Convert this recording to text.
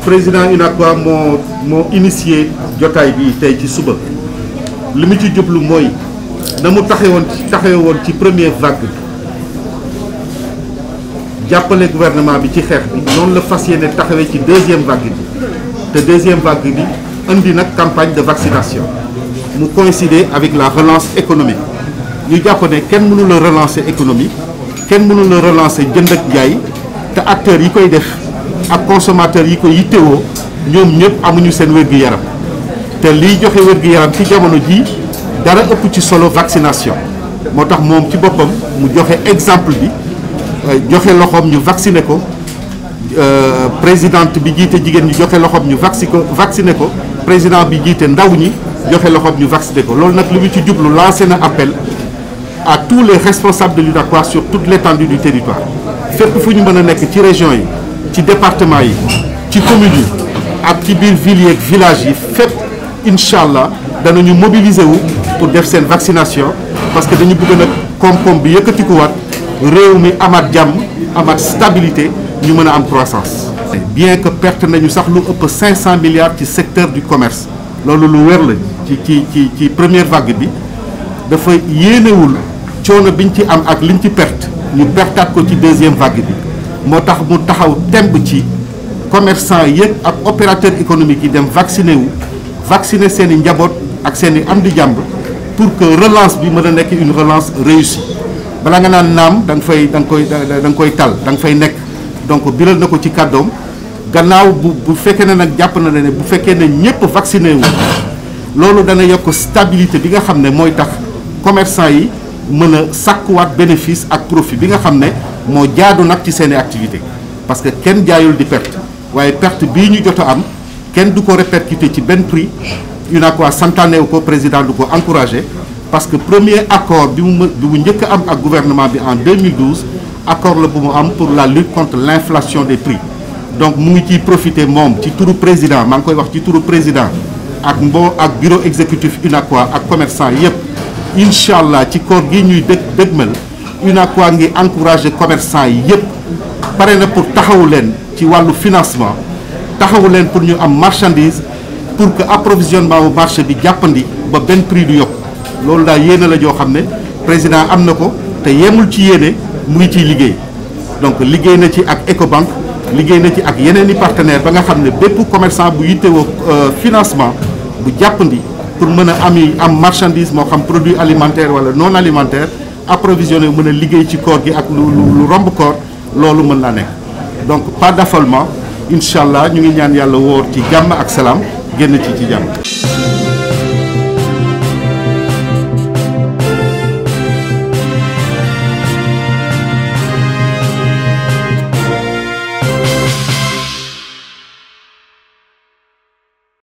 président UNACOIS moo moo initié jotaay bii tey ci suba li mu ci jublu mooy damu na mu taxawoon woon ci première vague bi jàppale gouvernement bi ci xeex bi noonu la fas yéene taxawee ci deuxième vague bi te deuxième vague bi indi nag campagne de vaccination mu coïncider avec la relance économique ñu jàpp ne kenn mënu la relancer économie kenn mënu la relancer jënd ak jaay te acteurs yi koy def ak consommateur yi ko yittewoo ñoom ñëpp amuñu seen wér yaram te liy joxe wér yaram ci jamono jii dara ëpp ci solo vaccination moo tax moom ci boppam mu joxe exemple bi euh, joxe loxoom ñu vacciné ko euh, président bi jiite jigéen ñi joxe loxoom ñu vacci ko vacciné ko président bi jiite ndaw ñi joxe loxoom ñu vacciné ko loolu nag li mu ci jublu lancé na appel à tous les responsables de l'UNACOIS sur toute l'étendue du territoire fépp fu ñu mën a nekk ci région yi ci département yi ci commune yi ak ci biir ville yeeg village yi fépp incha allah danañu mobiliser wu pour def seen vaccination parce que dañu bëgg nag koom-koom bi yëkkatikuwaat réew mi amaat jàmm amaat stabilité ñu mën a am croissance. bien que perte nañu sax lu ëpp 500 milliards ci secteur du commerce loolu lu wér la ci ci ci ci première vague bi dafa yéenewul coono biñ ci am ak liñ ci perte ñu pertaat ko ci deuxième vague bi. moo tax mu taxaw temb ci commerçant yëpp ak opérateur économique yi dem vacciné wu vacciner seen i njaboot ak seen i am di jàmb pour que relance bi mën a nekk une relance réussie balaa nga naan naam da fay da koy da nga koy tal da nga fay nekk donc biral na ko ci kàddoom gannaaw bu bu fekkee ne nag jàpp na ne bu fekkee ne ñëpp vacciné wu loolu dana yokk stabilité bi nga xam ne mooy tax commerçant yi mën a sàkkuwaat bénéfice ak profit bi nga xam ne moo jaadu nag ci seen i activité parce que kenn jaayul di perte waaye perte bii ñu jot am kenn du ko répercuté ci benn prix UNACOIS santaane wu ko président du ko encouragé parce que premier accord bi mu bi mu njëkk am ak gouvernement bi en 2012 accord la bu mu am pour la lutte contre l'inflation des prix donc mu ngi ciy profité moom ci turu président maa ngi koy wax ci turu président ak mbo ak bureau exécutif UNACOIS ak commerçant yépp incha allah ci koor gi ñuy dég dégmal UNACOIS ngi encouragé commerçant yi yëpp pare na pour taxawu leen ci wàllu financement taxawu leen pour ñu am marchandise pour que approvisionnement bu marché bi jàppandi ba benn prix du yokk loolu daal yéene la joo xam ne président am na ko te yemul ci yéene mu ngi ciy liggéey donc liggéey na ci ak Ecobank liggéey na ci ak yeneen i partenaires ba nga xam ne bépp commerçant bu yittewoo euh, financement bu jàppandi pour mën a am am marchandise moo xam produit alimentaire wala non alimentaire approvisionné mën a liggéey ci koor gi ak lu lu romb koor loolu mën naa nekk donc pas d'affolement incha allah ñu ngi ñaan yàlla wóor ci jàmm ak salaam génn ci ci jàmm.